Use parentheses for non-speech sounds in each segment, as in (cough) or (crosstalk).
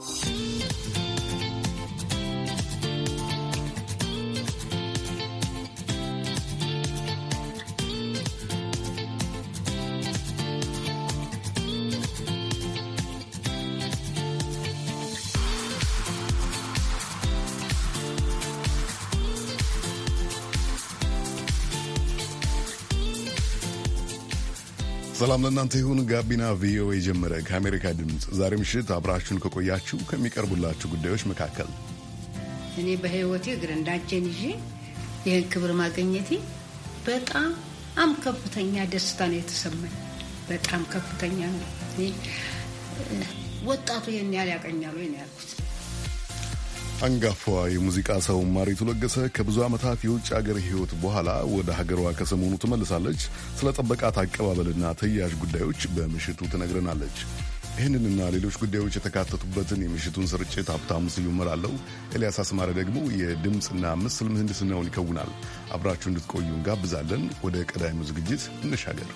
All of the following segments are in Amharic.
心。ሰላም ለእናንተ ይሁን። ጋቢና ቪኦኤ ጀመረ። ከአሜሪካ ድምፅ ዛሬ ምሽት አብራችሁን ከቆያችሁ ከሚቀርቡላችሁ ጉዳዮች መካከል እኔ በህይወቴ እግር ይ ይዤ ይህን ክብር ማግኘቴ በጣም ከፍተኛ ደስታ ነው የተሰማኝ። በጣም ከፍተኛ ነው። ወጣቱ ይህን ያህል ያቀኛሉ ነው ያልኩት። አንጋፋዋ የሙዚቃ ሰው ማሪቱ ለገሰ ከብዙ ዓመታት የውጭ አገር ሕይወት በኋላ ወደ ሀገሯ ከሰሞኑ ትመልሳለች። ስለ ጠበቃት አቀባበልና ተያያዥ ጉዳዮች በምሽቱ ትነግረናለች። ይህንንና ሌሎች ጉዳዮች የተካተቱበትን የምሽቱን ስርጭት ሀብታሙ ስዩም እመራለሁ። ኤልያስ አስማረ ደግሞ የድምፅና ምስል ምህንድስናውን ይከውናል። አብራችሁ እንድትቆዩ እንጋብዛለን። ወደ ቀዳሚው ዝግጅት እንሻገር።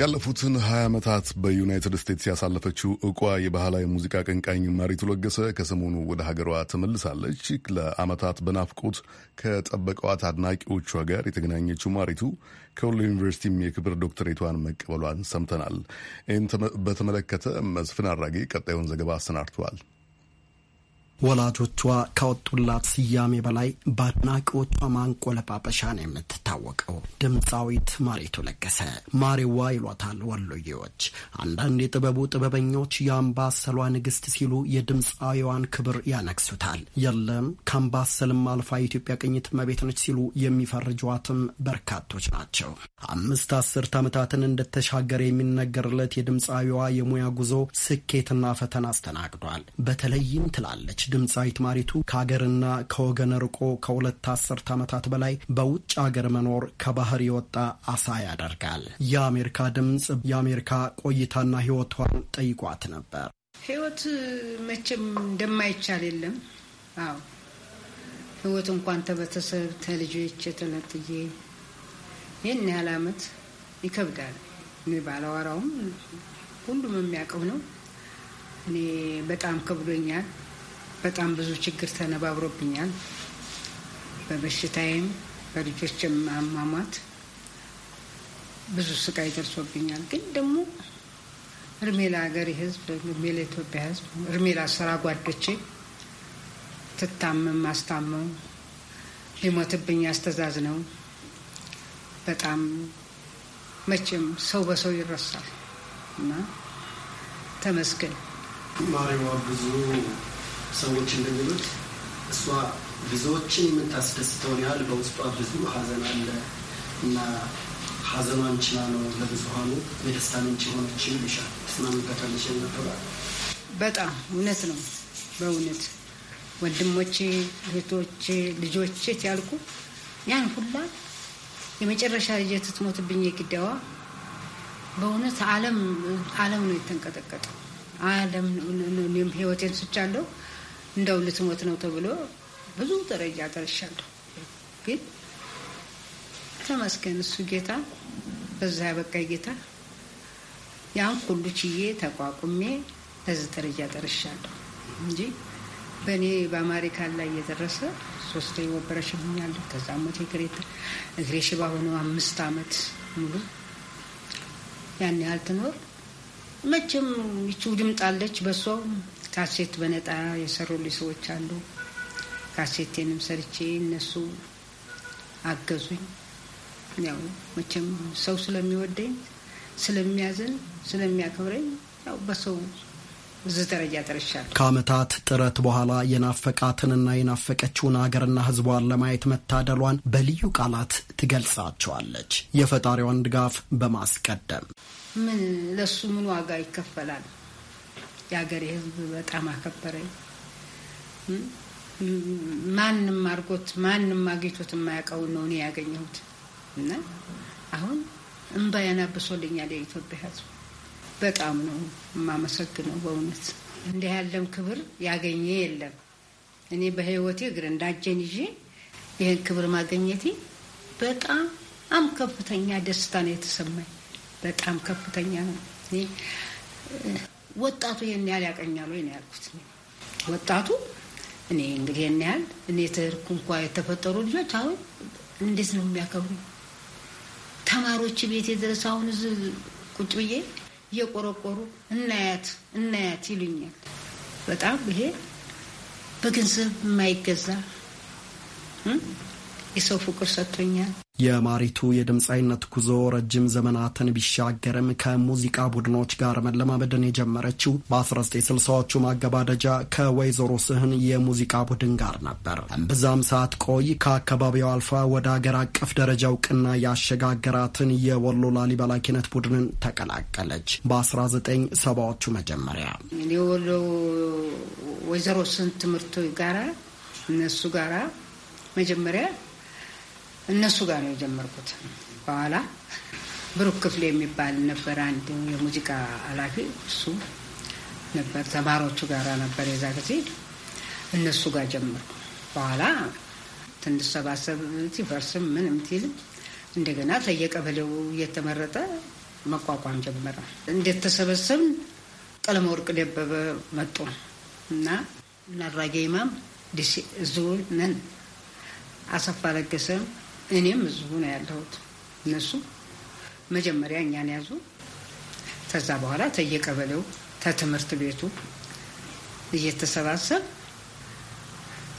ያለፉትን 20 ዓመታት በዩናይትድ ስቴትስ ያሳለፈችው እቋ የባህላዊ ሙዚቃ አቀንቃኝ ማሪቱ ለገሰ ከሰሞኑ ወደ ሀገሯ ተመልሳለች። ለዓመታት በናፍቆት ከጠበቀዋት አድናቂዎቿ ጋር የተገናኘችው ማሪቱ ከወሎ ዩኒቨርሲቲም የክብር ዶክተሬቷን መቀበሏን ሰምተናል። ይህን በተመለከተ መስፍን አራጌ ቀጣዩን ዘገባ አሰናድተዋል። ወላጆቿ ካወጡላት ስያሜ በላይ በአድናቂዎቿ ማንቆለጳጰሻ ነው የምትታወቀው። ድምፃዊት ማሪቱ ለገሰ ማሪዋ ይሏታል ወሎዬዎች። አንዳንድ የጥበቡ ጥበበኞች የአምባሰሏ ንግሥት ሲሉ የድምፃዊዋን ክብር ያነግሱታል። የለም ከአምባሰልም አልፋ የኢትዮጵያ ቅኝት እመቤት ነች ሲሉ የሚፈርጇትም በርካቶች ናቸው። አምስት አስርት ዓመታትን እንደተሻገረ የሚነገርለት የድምፃዊዋ የሙያ ጉዞ ስኬትና ፈተና አስተናግዷል። በተለይም ትላለች ድምፃዊት ማሪቱ ከሀገርና ከወገን ርቆ ከሁለት አስርት ዓመታት በላይ በውጭ ሀገር መኖር ከባህር የወጣ አሳ ያደርጋል። የአሜሪካ ድምፅ የአሜሪካ ቆይታና ህይወቷን ጠይቋት ነበር። ህይወት መቼም እንደማይቻል የለም። አዎ ህይወት እንኳን ተበተሰብ ተልጆች የተነጥዬ ይህን ያህል አመት ይከብዳል። እኔ ባለዋራውም ሁሉም የሚያውቀው ነው። እኔ በጣም ከብዶኛል። በጣም ብዙ ችግር ተነባብሮብኛል። በበሽታዬም በልጆች አሟሟት ብዙ ስቃይ ደርሶብኛል። ግን ደግሞ እድሜ ለሀገሬ ሕዝብ፣ እድሜ ለኢትዮጵያ ሕዝብ፣ እድሜ ለስራ ጓዶቼ ትታመም አስታመው ሊሞትብኝ አስተዛዝ ነው። በጣም መቼም ሰው በሰው ይረሳል እና ተመስገን ማሪዋ ብዙ ሰዎች እንደሚሉት እሷ ብዙዎችን የምታስደስተውን ያህል በውስጧ ብዙ ሀዘን አለ እና ሀዘኗን ችላ ነው ለብዙሀኑ የደስታ ምንጭ የሆነች ይልሻል። ትስማሚበታለሽ? ነበራል በጣም እውነት ነው። በእውነት ወንድሞቼ፣ እህቶቼ፣ ልጆቼ ሲያልቁ ያን ሁላ የመጨረሻ ልጄ ትትሞትብኝ የግዳዋ በእውነት ዓለም ነው የተንቀጠቀጠው። ዓለም ህይወቴን ስቻለሁ እንደው ልትሞት ነው ተብሎ ብዙ ደረጃ ደርሻለሁ። ግን ተመስገን እሱ ጌታ በዛ ያበቃ ጌታ ያን ሁሉ ችዬ ተቋቁሜ በዚህ ደረጃ ደርሻለሁ እንጂ በእኔ በአሜሪካን ላይ እየደረሰ ሶስት ኦፐሬሽን ሆኛለሁ። ከዛ ሞት እግሬ ሽባ ሆኖ አምስት አመት ሙሉ ያን ያህል ትኖር መቼም ይቺ ድምጣለች በሷው ካሴት በነጣ የሰሩልኝ ሰዎች አሉ። ካሴቴንም ሰርቼ እነሱ አገዙኝ። ያው መቼም ሰው ስለሚወደኝ ስለሚያዝን ስለሚያከብረኝ ያው በሰው ብዙ ደረጃ ደርሻለሁ። ከአመታት ጥረት በኋላ የናፈቃትንና የናፈቀችውን አገርና ሕዝቧን ለማየት መታደሏን በልዩ ቃላት ትገልጻቸዋለች። የፈጣሪዋን ድጋፍ በማስቀደም ምን ለሱ ምን ዋጋ ይከፈላል? የሀገሬ ህዝብ በጣም አከበረኝ። ማንም አድርጎት ማንም አግኝቶት የማያውቀውን ነው እኔ ያገኘሁት እና አሁን እንባ ያናብሶልኛል የኢትዮጵያ ህዝብ በጣም ነው የማመሰግነው። በእውነት እንዲህ ያለም ክብር ያገኘ የለም። እኔ በህይወቴ እግር እንዳጀን ይዤ ይህን ክብር ማገኘቴ በጣም ከፍተኛ ደስታ ነው የተሰማኝ። በጣም ከፍተኛ ነው። ወጣቱ ይህን ያህል ያቀኛሉ ወይ ነው ያልኩት። ወጣቱ እኔ እንግዲህ ይህን ያህል እኔ ትርኩ እንኳ የተፈጠሩ ልጆች አሁን እንዴት ነው የሚያከብሩ? ተማሪዎች ቤት የደረሰ አሁን እዚህ ቁጭ ብዬ እየቆረቆሩ እናያት እናያት ይሉኛል። በጣም ይሄ በገንዘብ የማይገዛ የሰው ፍቅር ሰጥቶኛል። የማሪቱ የድምፃዊነት ጉዞ ረጅም ዘመናትን ቢሻገርም ከሙዚቃ ቡድኖች ጋር መለማመድን የጀመረችው በ1960ዎቹ ማገባደጃ ከወይዘሮ ስህን የሙዚቃ ቡድን ጋር ነበር። እምብዛም ሰዓት ቆይ ከአካባቢው አልፋ ወደ አገር አቀፍ ደረጃ እውቅና ያሸጋገራትን የወሎ ላሊበላ ኪነት ቡድንን ተቀላቀለች። በ1970ዎቹ መጀመሪያ የወሎ ወይዘሮ ስህን ትምህርት ጋራ እነሱ ጋራ መጀመሪያ እነሱ ጋር ነው የጀመርኩት። በኋላ ብሩክ ክፍሌ የሚባል ነበር አንድ የሙዚቃ ኃላፊ፣ እሱ ነበር ተማሪዎቹ ጋር ነበር የዛ ጊዜ እነሱ ጋር ጀመርኩ። በኋላ ትንሰባሰብ ሲፈርስም ምንም ቲል እንደገና ለየቀበሌው እየተመረጠ መቋቋም ጀመረ። እንዴት ተሰበሰብን? ወርቅ ደበበ መጡ እና ናራጌ ዲሲ እዙ ነን አሰፋ ለገሰም እኔም እዚሁ ነው ያለሁት። እነሱ መጀመሪያ እኛን ያዙ። ከዛ በኋላ ተየቀበሌው ተትምህርት ቤቱ እየተሰባሰብ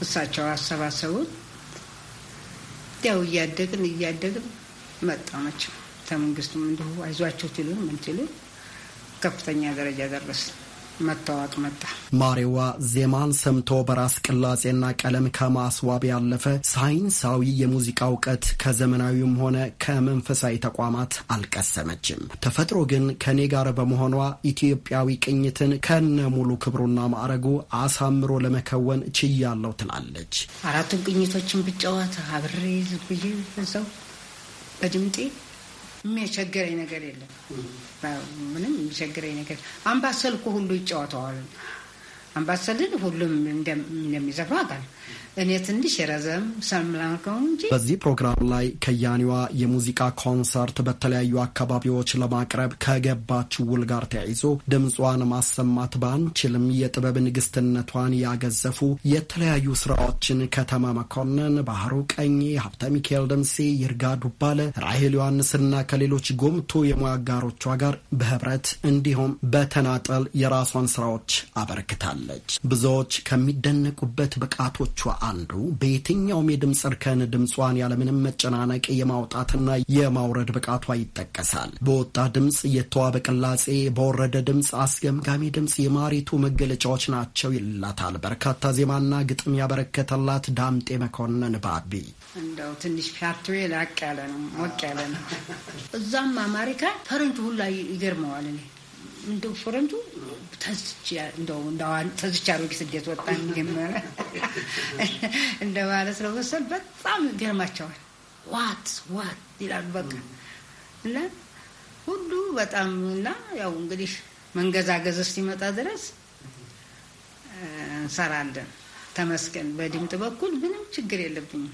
እሳቸው አሰባሰቡን። ያው እያደግን እያደግን መጣመች። ከመንግስቱም እንዲሁ አይዟቸው ትሉን ምን ትሉን ከፍተኛ ደረጃ ደረስን። መታወቅ መጣ። ማሬዋ ዜማን ሰምቶ በራስ ቅላጼና ቀለም ከማስዋብ ያለፈ ሳይንሳዊ የሙዚቃ እውቀት ከዘመናዊም ሆነ ከመንፈሳዊ ተቋማት አልቀሰመችም። ተፈጥሮ ግን ከኔ ጋር በመሆኗ ኢትዮጵያዊ ቅኝትን ከነ ሙሉ ክብሩና ማዕረጉ አሳምሮ ለመከወን ችያለው ትላለች። አራቱን ቅኝቶችን ብጫወት አብሬ ዝብዬ በዛው በድምጤ የሚያስቸግረኝ ነገር የለም። ምንም የሚቸግረኝ ነገር አምባሰል እኮ ሁሉ ይጫወተዋል አምባሰልን ሁሉም አውቃለሁ። እኔ ትንሽ የረዘም እንጂ በዚህ ፕሮግራም ላይ ከያኒዋ የሙዚቃ ኮንሰርት በተለያዩ አካባቢዎች ለማቅረብ ከገባች ውል ጋር ተያይዞ ድምጿን ማሰማት ባንችልም የጥበብ ንግስትነቷን ያገዘፉ የተለያዩ ስራዎችን ከተማ መኮንን፣ ባህሩ ቀኝ፣ ሀብተ ሚካኤል ደምሴ፣ ይርጋ ዱባለ፣ ራሄል ዮሐንስና ከሌሎች ጎምቶ የሙያ አጋሮቿ ጋር በህብረት እንዲሁም በተናጠል የራሷን ስራዎች አበርክታል። ትገኛለች። ብዙዎች ከሚደነቁበት ብቃቶቿ አንዱ በየትኛውም የድምፅ እርከን ድምጿን ያለምንም መጨናነቅ የማውጣትና የማውረድ ብቃቷ ይጠቀሳል። በወጣ ድምፅ የተዋበ ቅላጼ፣ በወረደ ድምፅ አስገምጋሚ ድምፅ የማሪቱ መገለጫዎች ናቸው ይላታል በርካታ ዜማና ግጥም ያበረከተላት ዳምጤ መኮንን ባቢ። እንደው ትንሽ ፒያርቱ ላቅ ያለ ነው፣ ሞቅ ያለ ነው። እዛም አማሪካ ፈረንጁ ሁላ ይገርመዋል እኔ እንደው ፈረንቱ ተዝቻ ሮጌ ስደት ወጣ ጀመረ (laughs) እንደ ማለት በጣም ገርማቸዋል። ዋት ዋት ይላሉ በቃ እና ሁሉ በጣም እና ያው እንግዲህ መንገዛገዝ እስኪመጣ ድረስ እንሰራለን። ተመስገን በድምጥ በኩል ምንም ችግር የለብኝም።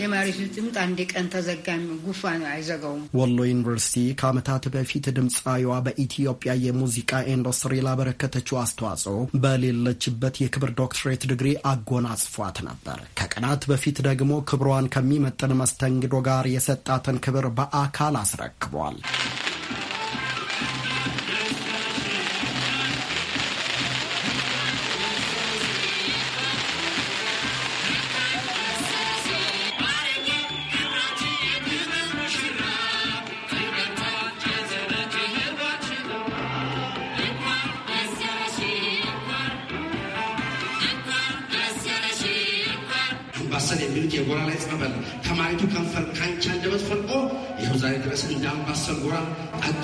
የመሬቱ ድምፅ አንድ ቀን ተዘጋሚ ጉፋን አይዘጋውም። ወሎ ዩኒቨርሲቲ ከዓመታት በፊት ድምፃዊዋ በኢትዮጵያ የሙዚቃ ኢንዱስትሪ ላበረከተችው አስተዋጽኦ በሌለችበት የክብር ዶክትሬት ዲግሪ አጎናጽፏት ነበር። ከቀናት በፊት ደግሞ ክብሯን ከሚመጥን መስተንግዶ ጋር የሰጣትን ክብር በአካል አስረክቧል። ድንቅ የጎራ ላይ ጸበል ከማሪቱ ከንፈር ካንቺ አንደበት ፈልቆ ይኸው ዛሬ ድረስ እንደ ጎራ ቀጥ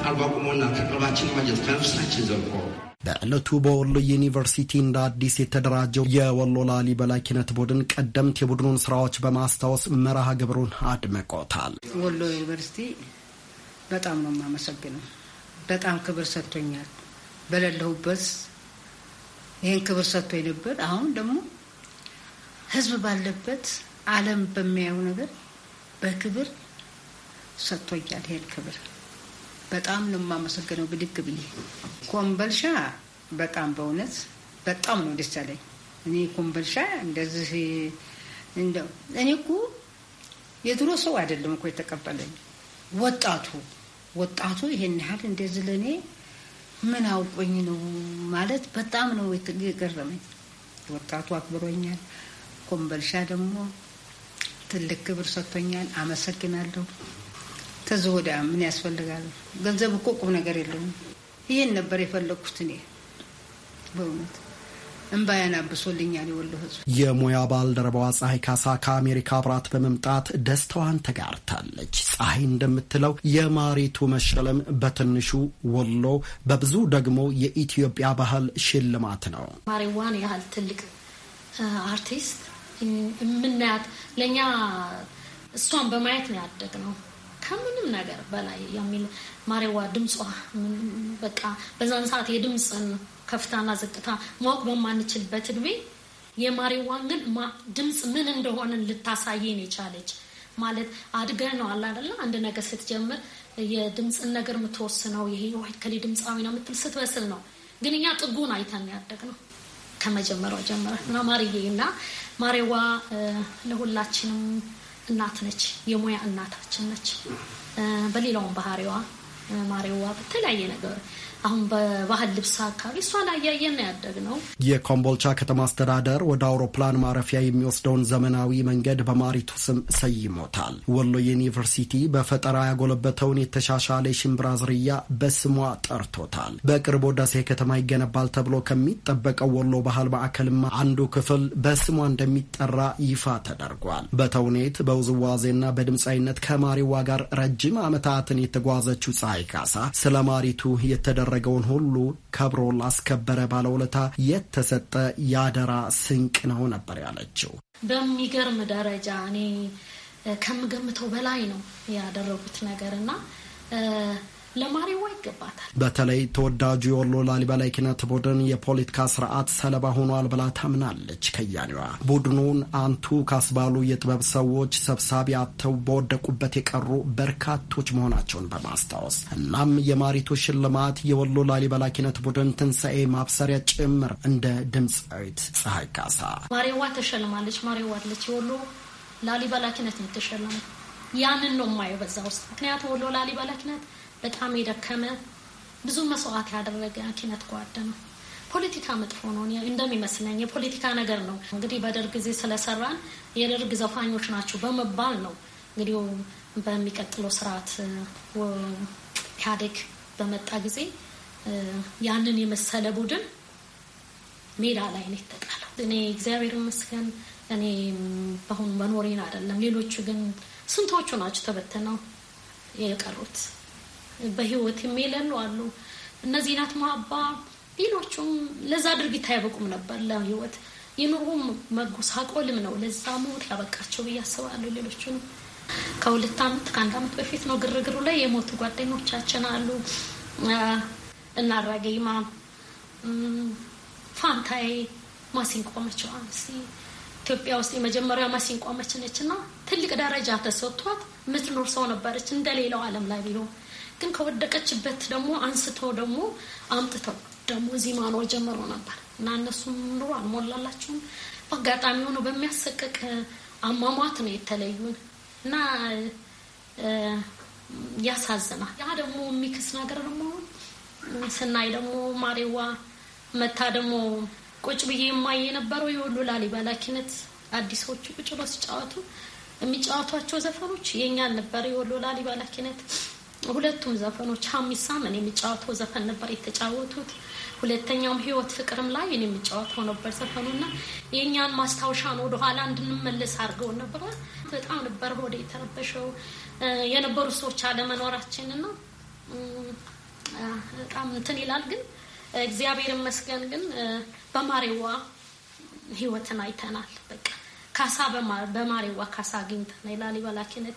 ከቅርባችን መጀት ከነፍሳችን ዘልቆ በዕለቱ በወሎ ዩኒቨርሲቲ እንደ አዲስ የተደራጀው የወሎ ላሊበላ ኪነት ቡድን ቀደምት የቡድኑን ስራዎች በማስታወስ መርሃ ግብሩን አድምቆታል። ወሎ ዩኒቨርሲቲ በጣም ነው የማመሰግነው። በጣም ክብር ሰጥቶኛል። በሌለሁበት ይህን ክብር ሰጥቶኝ ነበር። አሁን ደግሞ ህዝብ ባለበት ዓለም በሚያየው ነገር በክብር ሰጥቶኛል። ይሄን ክብር በጣም ነው የማመሰግነው። ብድግ ብዬ ኮምበልሻ በጣም በእውነት በጣም ነው ደስ ያለኝ። እኔ ኮምበልሻ እንደዚህ እንደው እኔ እኮ የድሮ ሰው አይደለም እኮ የተቀበለኝ ወጣቱ ወጣቱ ይሄን ያህል እንደዚህ ለእኔ ምን አውቆኝ ነው ማለት በጣም ነው የገረመኝ። ወጣቱ አክብሮኛል። ኮምበልሻ ደግሞ ትልቅ ክብር ሰጥቶኛል። አመሰግናለሁ። ከዚህ ወዲያ ምን ያስፈልጋል? ገንዘብ እኮ ቁም ነገር የለውም። ይህን ነበር የፈለግኩት እኔ በእውነት እምባያን አብሶልኛል። የወሎ ህዝብ የሙያ ባልደረባዋ ፀሐይ ካሳ ከአሜሪካ አብራት በመምጣት ደስታዋን ተጋርታለች። ፀሐይ እንደምትለው የማሪቱ መሸለም በትንሹ ወሎ፣ በብዙ ደግሞ የኢትዮጵያ ባህል ሽልማት ነው። ማሪዋን ያህል ትልቅ አርቲስት የምናያት ለእኛ እሷን በማየት ነው ያደግነው። ከምንም ነገር በላይ የሚል ማሬዋ ድምጿ በቃ በዛን ሰዓት የድምፅን ከፍታና ዝቅታ ማወቅ በማንችልበት እድሜ የማሬዋን ግን ድምፅ ምን እንደሆነ ልታሳየን የቻለች ማለት አድገ ነው አለ አይደለ? አንድ ነገር ስትጀምር የድምፅን ነገር የምትወስነው ይሄ ዋይከሊ ድምፃዊ ነው የምትል ስትበስል ነው። ግን እኛ ጥጉን አይተን ያደግ ነው ከመጀመሪያው ጀምረ እና ማርዬ እና ማሬዋ ለሁላችንም እናት ነች። የሙያ እናታችን ነች። በሌላውም ባህሪዋ ማሬዋ በተለያየ ነገር አሁን በባህል ልብስ አካባቢ እሷን አያየን ነው ያደግነው። የኮምቦልቻ ከተማ አስተዳደር ወደ አውሮፕላን ማረፊያ የሚወስደውን ዘመናዊ መንገድ በማሪቱ ስም ሰይሞታል። ወሎ ዩኒቨርሲቲ በፈጠራ ያጎለበተውን የተሻሻለ የሽምብራ ዝርያ በስሟ ጠርቶታል። በቅርቡ ደሴ ከተማ ይገነባል ተብሎ ከሚጠበቀው ወሎ ባህል ማዕከልማ አንዱ ክፍል በስሟ እንደሚጠራ ይፋ ተደርጓል። በተውኔት በውዝዋዜና በድምፃዊነት ከማሪዋ ጋር ረጅም ዓመታትን የተጓዘችው ፀሐይ ካሳ ስለ ማሪቱ የተደረ ያደረገውን ሁሉ ከብሮ ላስከበረ ባለውለታ የተሰጠ የአደራ ስንቅ ነው ነበር ያለችው። በሚገርም ደረጃ እኔ ከምገምተው በላይ ነው ያደረጉት ነገር እና ለማሪዋ ይገባታል። በተለይ ተወዳጁ የወሎ ላሊበላ ኪነት ቡድን የፖለቲካ ስርዓት ሰለባ ሆኗል ብላ ታምናለች ከያኔዋ። ቡድኑን አንቱ ካስባሉ የጥበብ ሰዎች ሰብሳቢ አጥተው በወደቁበት የቀሩ በርካቶች መሆናቸውን በማስታወስ እናም የማሪቱ ሽልማት የወሎ ላሊበላ ኪነት ቡድን ትንሣኤ ማብሰሪያ ጭምር እንደ ድምፃዊት ፀሐይ ካሳ ማሪዋ ተሸልማለች። ማሪዋ አለች የወሎ ላሊበላ ኪነት የተሸለመ ያንን ነው የማየው በዛ ውስጥ ምክንያቱ ወሎ ላሊበላ ኪነት በጣም የደከመ ብዙ መስዋዕት ያደረገ ኪነት ጓድ ነው። ፖለቲካ መጥፎ ነው እንደሚመስለኝ፣ የፖለቲካ ነገር ነው። እንግዲህ በደርግ ጊዜ ስለሰራን የደርግ ዘፋኞች ናቸው በመባል ነው እንግዲህ በሚቀጥለው ስርዓት ኢህአዴግ በመጣ ጊዜ ያንን የመሰለ ቡድን ሜዳ ላይ ነው የተጣለው። እኔ እግዚአብሔር ይመስገን እኔ በአሁኑ መኖሬን አይደለም። ሌሎቹ ግን ስንቶቹ ናቸው ተበትነው የቀሩት? በህይወት የሚለን አሉ። እነዚህ ናት ማባ ሌሎቹም ለዛ ድርጊት አያበቁም ነበር። ለህይወት የኑሮ መጎሳቆልም ነው ለዛ ሞት ያበቃቸው ብዬ አስባለሁ። ሌሎቹንም ከሁለት አመት ከአንድ አመት በፊት ነው ግርግሩ ላይ የሞቱ ጓደኞቻችን አሉ። እናራገይማ ፋንታይ ማሲንቆ መችዋ ኢትዮጵያ ውስጥ የመጀመሪያ ማሲንቆ መች ነች እና ትልቅ ደረጃ ተሰጥቷት የምትኖር ሰው ነበረች እንደሌላው አለም ላይ ቢሆን ግን ከወደቀችበት ደግሞ አንስተው ደግሞ አምጥተው ደግሞ እዚህ ማኖር ጀምሮ ነበር እና እነሱም ኑሮ አልሞላላችሁም። በአጋጣሚ ሆኖ በሚያሰቅቅ አሟሟት ነው የተለዩን እና ያሳዝናል። ያ ደግሞ የሚክስ ነገር ደግሞ ስናይ ደግሞ ማሬዋ መታ ደግሞ ቁጭ ብዬ የማየ የነበረው የወሎ ላሊበላ ኪነት አዲሶቹ ቁጭ ብሎ ሲጫወቱ የሚጫወቷቸው ዘፈኖች የኛን ነበር የወሎ ላሊባላ ኪነት ሁለቱም ዘፈኖች ሀሚሳም እኔ የሚጫወተው ዘፈን ነበር የተጫወቱት። ሁለተኛውም ህይወት ፍቅርም ላይ እኔ የሚጫወተው ነበር ዘፈኑና የእኛን ማስታወሻ ወደኋላ እንድንመለስ አድርገውን ነበር። በጣም ነበር ወደ የተረበሸው የነበሩ ሰዎች አለመኖራችንና በጣም እንትን ይላል። ግን እግዚአብሔር ይመስገን ግን በማሬዋ ህይወትን አይተናል። በቃ ካሳ በማሬዋ ካሳ አግኝተናል። ላሊበላ ኪነት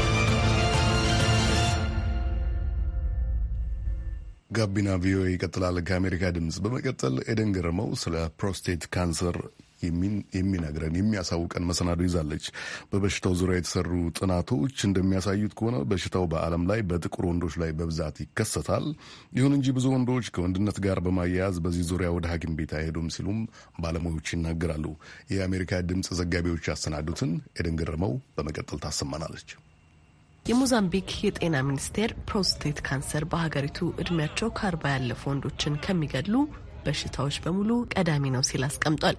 ጋቢና ቪኦኤ ይቀጥላል። ከአሜሪካ ድምፅ በመቀጠል ኤደን ገረመው ስለ ፕሮስቴት ካንሰር የሚነግረን የሚያሳውቀን መሰናዶ ይዛለች። በበሽታው ዙሪያ የተሰሩ ጥናቶች እንደሚያሳዩት ከሆነ በሽታው በዓለም ላይ በጥቁር ወንዶች ላይ በብዛት ይከሰታል። ይሁን እንጂ ብዙ ወንዶች ከወንድነት ጋር በማያያዝ በዚህ ዙሪያ ወደ ሐኪም ቤት አይሄዱም ሲሉም ባለሙያዎች ይናገራሉ። የአሜሪካ ድምፅ ዘጋቢዎች ያሰናዱትን ኤደን ገረመው በመቀጠል ታሰማናለች። የሞዛምቢክ የጤና ሚኒስቴር ፕሮስቴት ካንሰር በሀገሪቱ እድሜያቸው ከአርባ ያለፉ ወንዶችን ከሚገድሉ በሽታዎች በሙሉ ቀዳሚ ነው ሲል አስቀምጧል።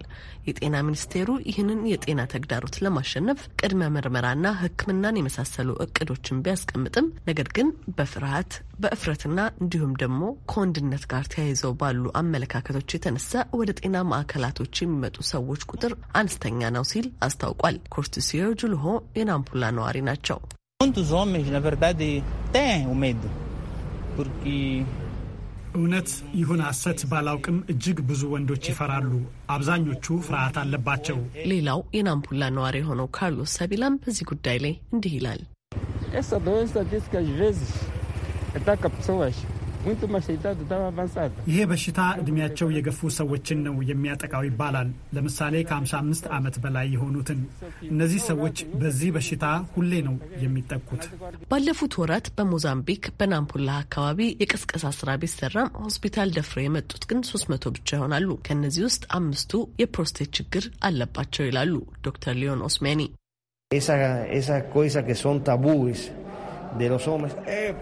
የጤና ሚኒስቴሩ ይህንን የጤና ተግዳሮት ለማሸነፍ ቅድመ ምርመራና ሕክምናን የመሳሰሉ እቅዶችን ቢያስቀምጥም ነገር ግን በፍርሃት በእፍረትና እንዲሁም ደግሞ ከወንድነት ጋር ተያይዘው ባሉ አመለካከቶች የተነሳ ወደ ጤና ማዕከላቶች የሚመጡ ሰዎች ቁጥር አነስተኛ ነው ሲል አስታውቋል። ኮርቲሲዮ ጁልሆ የናምፑላ ነዋሪ ናቸው። Muitos homens, na verdade, têm o medo, porque እውነት ይሁን አሰት ባላውቅም እጅግ ብዙ ወንዶች ይፈራሉ። አብዛኞቹ ፍርሃት አለባቸው። ሌላው የናምፑላ ነዋሪ የሆነው ካርሎስ ሰቢላም በዚህ ጉዳይ ላይ እንዲህ ይላል። ይሄ በሽታ እድሜያቸው የገፉ ሰዎችን ነው የሚያጠቃው ይባላል። ለምሳሌ ከ55 ዓመት በላይ የሆኑትን። እነዚህ ሰዎች በዚህ በሽታ ሁሌ ነው የሚጠቁት። ባለፉት ወራት በሞዛምቢክ በናምፑላ አካባቢ የቅስቀሳ ስራ ቢሰራም ሆስፒታል ደፍረው የመጡት ግን 300 ብቻ ይሆናሉ። ከእነዚህ ውስጥ አምስቱ የፕሮስቴት ችግር አለባቸው ይላሉ ዶክተር ሊዮን ኦስሜኒ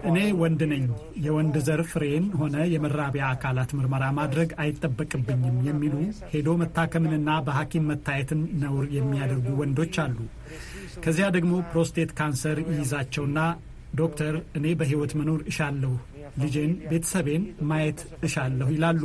እኔ ወንድ ነኝ። የወንድ ዘር ፍሬን ሆነ የመራቢያ አካላት ምርመራ ማድረግ አይጠበቅብኝም የሚሉ ሄዶ መታከምንና በሐኪም መታየትን ነውር የሚያደርጉ ወንዶች አሉ። ከዚያ ደግሞ ፕሮስቴት ካንሰር ይይዛቸውና ዶክተር እኔ በህይወት መኖር እሻለሁ፣ ልጄን፣ ቤተሰቤን ማየት እሻለሁ ይላሉ።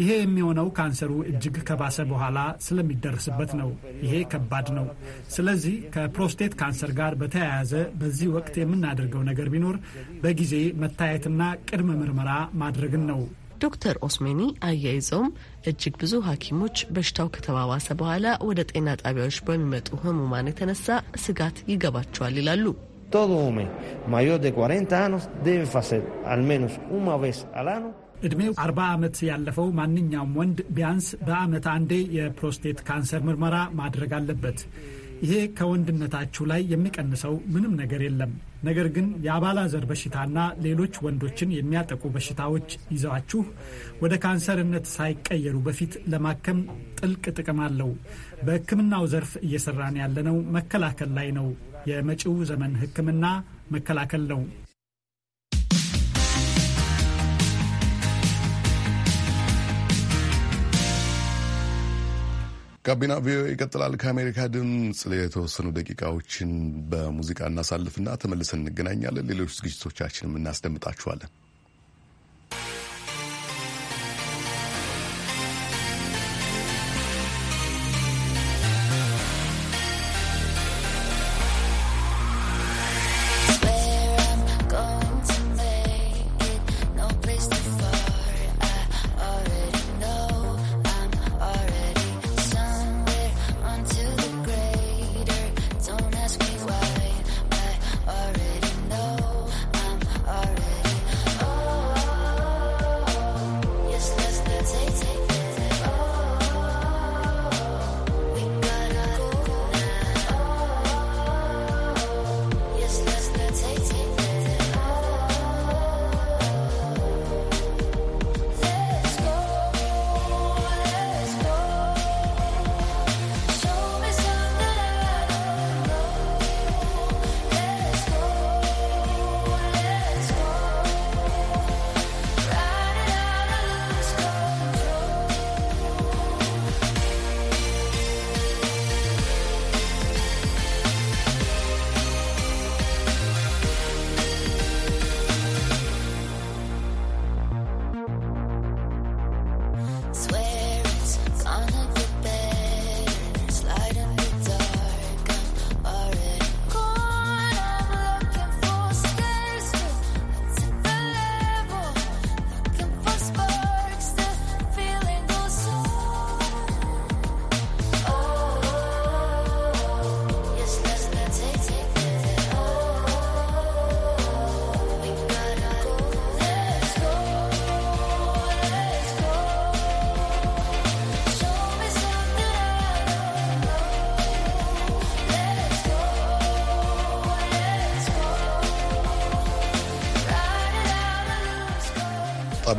ይሄ የሚሆነው ካንሰሩ እጅግ ከባሰ በኋላ ስለሚደርስበት ነው። ይሄ ከባድ ነው። ስለዚህ ከፕሮስቴት ካንሰር ጋር በተያያዘ በዚህ ወቅት የምናደርገው ነገር ቢኖር በጊዜ መታየትና ቅድመ ምርመራ ማድረግን ነው። ዶክተር ኦስሜኒ አያይዘውም እጅግ ብዙ ሐኪሞች በሽታው ከተባባሰ በኋላ ወደ ጤና ጣቢያዎች በሚመጡ ህሙማን የተነሳ ስጋት ይገባቸዋል ይላሉ። todo hombre mayor de 40 años debe hacer al menos una vez al año ዕድሜው 40 ዓመት ያለፈው ማንኛውም ወንድ ቢያንስ በዓመት አንዴ የፕሮስቴት ካንሰር ምርመራ ማድረግ አለበት። ይሄ ከወንድነታችሁ ላይ የሚቀንሰው ምንም ነገር የለም። ነገር ግን የአባላዘር በሽታና ሌሎች ወንዶችን የሚያጠቁ በሽታዎች ይዘዋችሁ ወደ ካንሰርነት ሳይቀየሩ በፊት ለማከም ጥልቅ ጥቅም አለው። በሕክምናው ዘርፍ እየሰራን ያለነው መከላከል ላይ ነው። የመጪው ዘመን ሕክምና መከላከል ነው። ጋቢና ቪኦኤ ይቀጥላል። ከአሜሪካ ድምፅ የተወሰኑ ደቂቃዎችን በሙዚቃ እናሳልፍና ተመልሰን እንገናኛለን። ሌሎች ዝግጅቶቻችንም እናስደምጣችኋለን።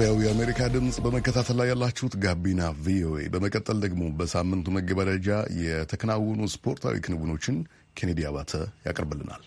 ከጣቢያው የአሜሪካ ድምፅ በመከታተል ላይ ያላችሁት ጋቢና ቪኦኤ። በመቀጠል ደግሞ በሳምንቱ መገባደጃ የተከናወኑ ስፖርታዊ ክንውኖችን ኬኔዲ አባተ ያቀርብልናል።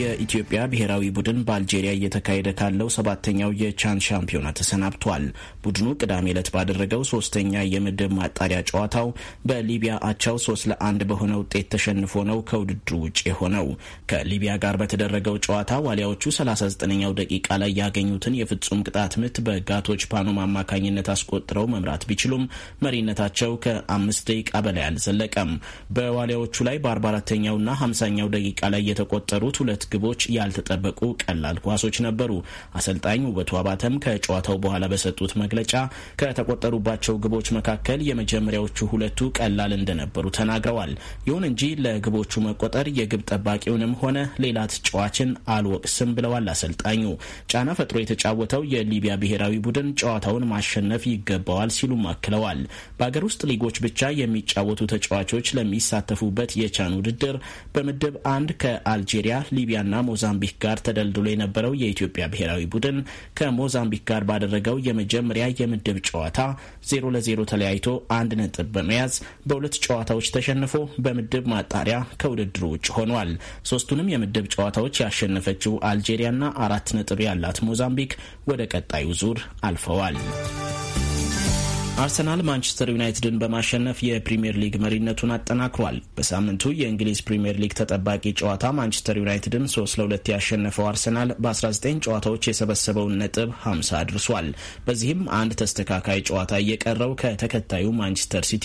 የኢትዮጵያ ብሔራዊ ቡድን በአልጄሪያ እየተካሄደ ካለው ሰባተኛው የቻን ሻምፒዮና ተሰናብቷል። ቡድኑ ቅዳሜ ዕለት ባደረገው ሶስተኛ የምድብ ማጣሪያ ጨዋታው በሊቢያ አቻው ሶስት ለአንድ በሆነ ውጤት ተሸንፎ ነው ከውድድሩ ውጭ የሆነው። ከሊቢያ ጋር በተደረገው ጨዋታ ዋሊያዎቹ 39ኛው ደቂቃ ላይ ያገኙትን የፍጹም ቅጣት ምት በጋቶች ፓኖም አማካኝነት አስቆጥረው መምራት ቢችሉም መሪነታቸው ከአምስት ደቂቃ በላይ አልዘለቀም። በዋሊያዎቹ ላይ በ44ኛውና 50ኛው ደቂቃ ላይ የተቆጠሩት ሁለት ግቦች ያልተጠበቁ ቀላል ኳሶች ነበሩ። አሰልጣኝ ውበቱ አባተም ከጨዋታው በኋላ በሰጡት መግለጫ ከተቆጠሩባቸው ግቦች መካከል የመጀመሪያዎቹ ሁለቱ ቀላል እንደነበሩ ተናግረዋል። ይሁን እንጂ ለግቦቹ መቆጠር የግብ ጠባቂውንም ሆነ ሌላ ተጫዋችን አልወቅስም ብለዋል አሰልጣኙ። ጫና ፈጥሮ የተጫወተው የሊቢያ ብሔራዊ ቡድን ጨዋታውን ማሸነፍ ይገባዋል ሲሉም አክለዋል። በአገር ውስጥ ሊጎች ብቻ የሚጫወቱ ተጫዋቾች ለሚሳተፉበት የቻን ውድድር በምድብ አንድ ከአልጄሪያ ከሊቢያና ሞዛምቢክ ጋር ተደልድሎ የነበረው የኢትዮጵያ ብሔራዊ ቡድን ከሞዛምቢክ ጋር ባደረገው የመጀመሪያ የምድብ ጨዋታ ዜሮ ለዜሮ ተለያይቶ አንድ ነጥብ በመያዝ በሁለት ጨዋታዎች ተሸንፎ በምድብ ማጣሪያ ከውድድሩ ውጭ ሆኗል። ሶስቱንም የምድብ ጨዋታዎች ያሸነፈችው አልጄሪያና አራት ነጥብ ያላት ሞዛምቢክ ወደ ቀጣዩ ዙር አልፈዋል። አርሰናል ማንቸስተር ዩናይትድን በማሸነፍ የፕሪምየር ሊግ መሪነቱን አጠናክሯል። በሳምንቱ የእንግሊዝ ፕሪምየር ሊግ ተጠባቂ ጨዋታ ማንቸስተር ዩናይትድን 3 ለ2 ያሸነፈው አርሰናል በ19 ጨዋታዎች የሰበሰበውን ነጥብ 50 አድርሷል። በዚህም አንድ ተስተካካይ ጨዋታ እየቀረው ከተከታዩ ማንቸስተር ሲቲ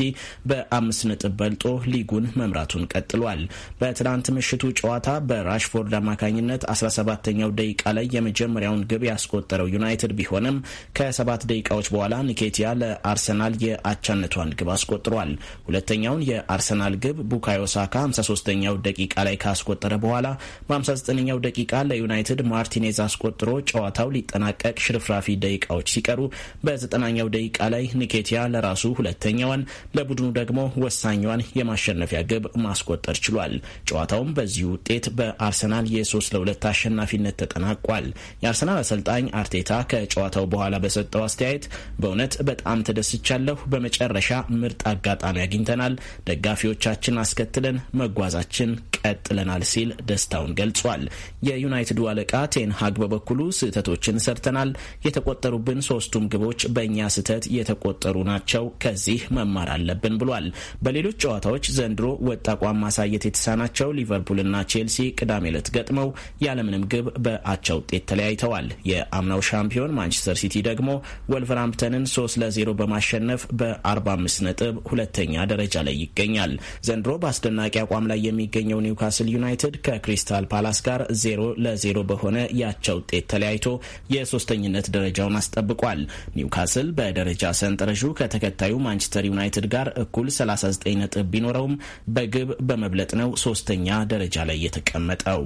በአምስት ነጥብ በልጦ ሊጉን መምራቱን ቀጥሏል። በትናንት ምሽቱ ጨዋታ በራሽፎርድ አማካኝነት 17ኛው ደቂቃ ላይ የመጀመሪያውን ግብ ያስቆጠረው ዩናይትድ ቢሆንም ከሰባት ደቂቃዎች በኋላ ኒኬቲያ ለአር አርሰናል የአቻነቷን ግብ አስቆጥሯል። ሁለተኛውን የአርሰናል ግብ ቡካዮ ሳካ 53ኛው ደቂቃ ላይ ካስቆጠረ በኋላ በ59ኛው ደቂቃ ለዩናይትድ ማርቲኔዝ አስቆጥሮ ጨዋታው ሊጠናቀቅ ሽርፍራፊ ደቂቃዎች ሲቀሩ በዘጠናኛው ደቂቃ ላይ ኒኬቲያ ለራሱ ሁለተኛዋን ለቡድኑ ደግሞ ወሳኛዋን የማሸነፊያ ግብ ማስቆጠር ችሏል። ጨዋታውም በዚህ ውጤት በአርሰናል ለ ለሁለት አሸናፊነት ተጠናቋል። የአርሰናል አሰልጣኝ አርቴታ ከጨዋታው በኋላ በሰጠው አስተያየት በእውነት በጣም ተደስ ተደስቻለሁ። በመጨረሻ ምርጥ አጋጣሚ አግኝተናል። ደጋፊዎቻችን አስከትለን መጓዛችን ቀጥለናል ሲል ደስታውን ገልጿል። የዩናይትዱ አለቃ ቴንሃግ በበኩሉ ስህተቶችን ሰርተናል። የተቆጠሩብን ሶስቱም ግቦች በእኛ ስህተት የተቆጠሩ ናቸው። ከዚህ መማር አለብን ብሏል። በሌሎች ጨዋታዎች ዘንድሮ ወጥ አቋም ማሳየት የተሳናቸው ሊቨርፑልና ቼልሲ ቅዳሜ ዕለት ገጥመው ያለምንም ግብ በአቻ ውጤት ተለያይተዋል። የአምናው ሻምፒዮን ማንቸስተር ሲቲ ደግሞ ወልቨርሃምፕተንን 3 ለ0 በማ በማሸነፍ በ45 ነጥብ ሁለተኛ ደረጃ ላይ ይገኛል። ዘንድሮ በአስደናቂ አቋም ላይ የሚገኘው ኒውካስል ዩናይትድ ከክሪስታል ፓላስ ጋር ዜሮ ለዜሮ በሆነ ያቻ ውጤት ተለያይቶ የሶስተኝነት ደረጃውን አስጠብቋል። ኒውካስል በደረጃ ሰንጠረዡ ከተከታዩ ማንቸስተር ዩናይትድ ጋር እኩል 39 ነጥብ ቢኖረውም በግብ በመብለጥ ነው ሶስተኛ ደረጃ ላይ የተቀመጠው።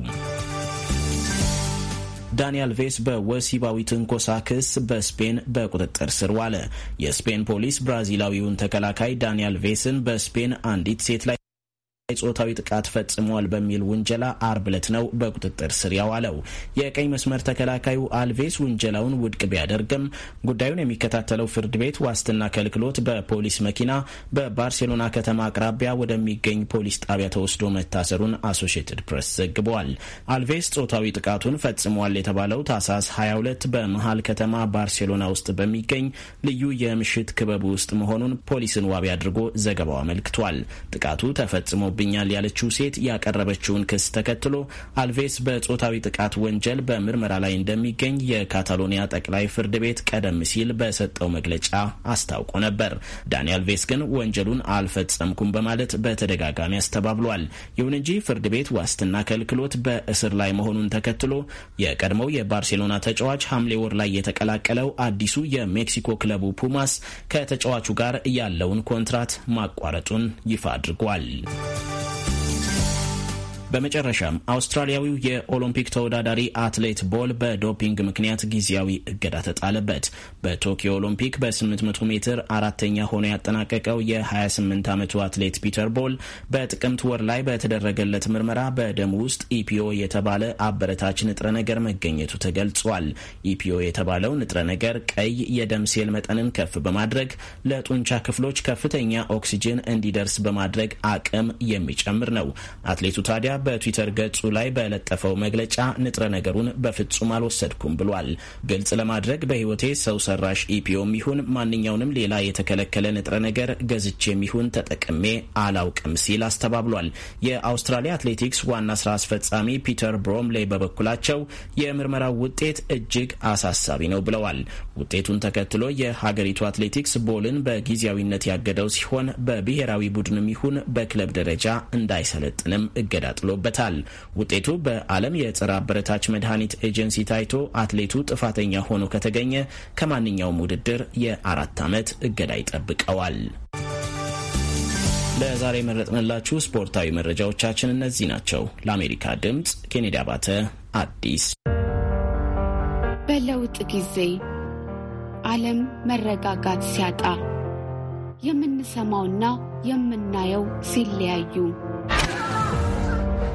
ዳንኤል ቬስ በወሲባዊ ትንኮሳ ክስ በስፔን በቁጥጥር ስር ዋለ። የስፔን ፖሊስ ብራዚላዊውን ተከላካይ ዳንኤል ቬስን በስፔን አንዲት ሴት ላይ ጾታዊ ጥቃት ፈጽሟል በሚል ውንጀላ አርብ ዕለት ነው በቁጥጥር ስር ያዋለው። የቀኝ መስመር ተከላካዩ አልቬስ ውንጀላውን ውድቅ ቢያደርግም ጉዳዩን የሚከታተለው ፍርድ ቤት ዋስትና ከልክሎት በፖሊስ መኪና በባርሴሎና ከተማ አቅራቢያ ወደሚገኝ ፖሊስ ጣቢያ ተወስዶ መታሰሩን አሶሺየትድ ፕሬስ ዘግቧል። አልቬስ ጾታዊ ጥቃቱን ፈጽሟል የተባለው ታህሳስ 22 በመሃል ከተማ ባርሴሎና ውስጥ በሚገኝ ልዩ የምሽት ክበብ ውስጥ መሆኑን ፖሊስን ዋቢ አድርጎ ዘገባው አመልክቷል። ጥቃቱ ተፈጽሞ ደርሶብኛል ያለችው ሴት ያቀረበችውን ክስ ተከትሎ አልቬስ በጾታዊ ጥቃት ወንጀል በምርመራ ላይ እንደሚገኝ የካታሎኒያ ጠቅላይ ፍርድ ቤት ቀደም ሲል በሰጠው መግለጫ አስታውቆ ነበር። ዳኒ አልቬስ ግን ወንጀሉን አልፈጸምኩም በማለት በተደጋጋሚ አስተባብሏል። ይሁን እንጂ ፍርድ ቤት ዋስትና ከልክሎት በእስር ላይ መሆኑን ተከትሎ የቀድሞው የባርሴሎና ተጫዋች ሐምሌ ወር ላይ የተቀላቀለው አዲሱ የሜክሲኮ ክለቡ ፑማስ ከተጫዋቹ ጋር ያለውን ኮንትራት ማቋረጡን ይፋ አድርጓል። በመጨረሻም አውስትራሊያዊው የኦሎምፒክ ተወዳዳሪ አትሌት ቦል በዶፒንግ ምክንያት ጊዜያዊ እገዳ ተጣለበት። በቶኪዮ ኦሎምፒክ በ800 ሜትር አራተኛ ሆኖ ያጠናቀቀው የ28 ዓመቱ አትሌት ፒተር ቦል በጥቅምት ወር ላይ በተደረገለት ምርመራ በደም ውስጥ ኢፒዮ የተባለ አበረታች ንጥረ ነገር መገኘቱ ተገልጿል። ኢፒዮ የተባለው ንጥረ ነገር ቀይ የደም ሴል መጠንን ከፍ በማድረግ ለጡንቻ ክፍሎች ከፍተኛ ኦክሲጅን እንዲደርስ በማድረግ አቅም የሚጨምር ነው። አትሌቱ ታዲያ በትዊተር ገጹ ላይ በለጠፈው መግለጫ ንጥረ ነገሩን በፍጹም አልወሰድኩም ብሏል። ግልጽ ለማድረግ በህይወቴ ሰው ሰራሽ ኢፒዮም ይሁን ማንኛውንም ሌላ የተከለከለ ንጥረ ነገር ገዝቼም ይሁን ተጠቅሜ አላውቅም ሲል አስተባብሏል። የአውስትራሊያ አትሌቲክስ ዋና ስራ አስፈጻሚ ፒተር ብሮምሌይ በበኩላቸው የምርመራው ውጤት እጅግ አሳሳቢ ነው ብለዋል። ውጤቱን ተከትሎ የሀገሪቱ አትሌቲክስ ቦልን በጊዜያዊነት ያገደው ሲሆን በብሔራዊ ቡድንም ይሁን በክለብ ደረጃ እንዳይሰለጥንም እገዳ ተከፍሎበታል። ውጤቱ በዓለም የጸረ አበረታች መድኃኒት ኤጀንሲ ታይቶ አትሌቱ ጥፋተኛ ሆኖ ከተገኘ ከማንኛውም ውድድር የአራት ዓመት እገዳ ይጠብቀዋል። ለዛሬ የመረጥንላችሁ ስፖርታዊ መረጃዎቻችን እነዚህ ናቸው። ለአሜሪካ ድምፅ ኬኔዲ አባተ አዲስ። በለውጥ ጊዜ ዓለም መረጋጋት ሲያጣ የምንሰማውና የምናየው ሲለያዩ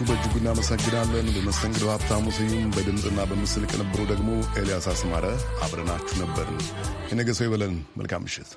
ስለተሳተፋችሁ በእጅጉ እናመሰግናለን። በመስተንግዶ ሀብታሙ ስዩም፣ በድምፅና በምስል ቅንብሩ ደግሞ ኤልያስ አስማረ አብረናችሁ ነበርን። የነገ ሰው ይበለን። መልካም ምሽት።